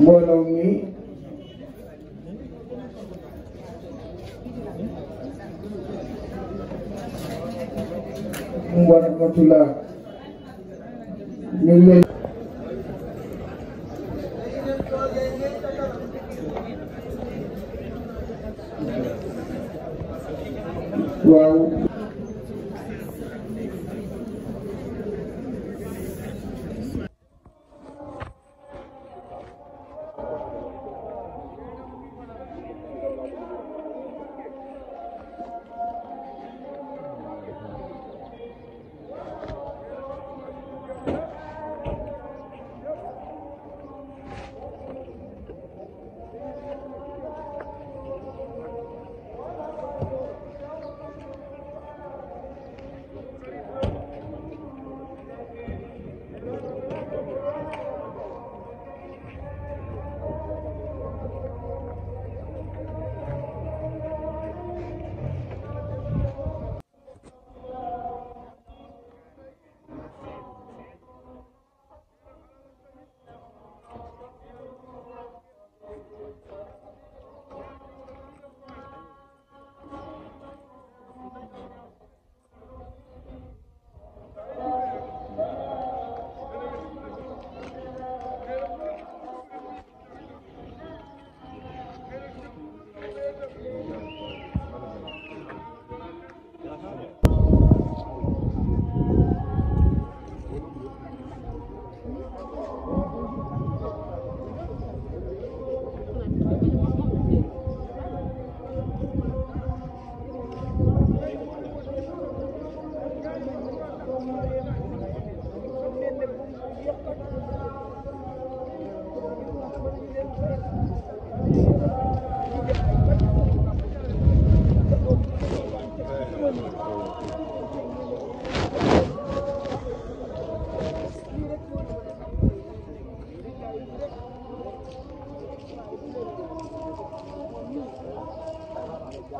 mbooloo mi aleykum wa rahmatullah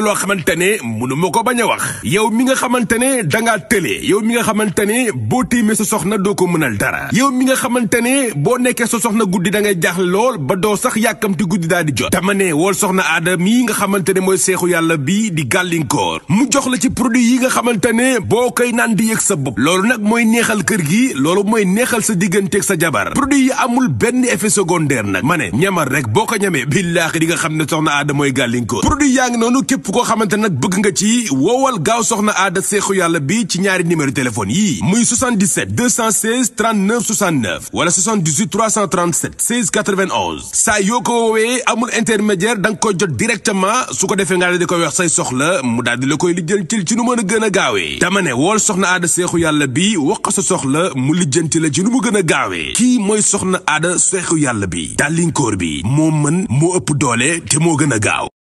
na loo xamante ne mënu ma ko bañ a wax yow mi nga xamante ne dangaa tëlee yow mi nga xamante ne boo tiimee sa soxna doo ko mënal dara yow mi nga xamante ne boo nekkee sa soxna guddi da ngay jaaxle lool ba doo sax yàkkamti guddi daal di jot dama ne wool soxna aada mii nga xamante ne mooy seexu yàlla bi di gàllinkoor mu jox la ci produit yi nga xamante ne boo koy naan di yëg sa bopp loolu nag mooy neexal kër gi loolu mooy neexal sa digganteeg sa jabar produit yi amul benn effet secondaire nag ma ne ñamal rek boo ko ñamee billaahi nga xam ne soxna aada mooy gàllinkoor produit yaa ngi noonu képp képp koo xamante nag bëgg nga ci woowal gaaw soxna aada seexu yàlla bi ci ñaari numéro téléphone yi muy 77 216 39 69 wala 78 337 16 yoo ko woowee amul intermédiaire da nga jot directement su ko defee nga di koy wax say soxla mu daal di la koy lijjantil ci nu mën a gën a gaawee dama ne soxna aada seexu yàlla bi wax ko sa soxla mu lijjanti la ci nu mu gën a gaawee kii mooy soxna aada seexu yàlla bi dàllinkoor bi moo mën moo ëpp doole te moo gën a gaaw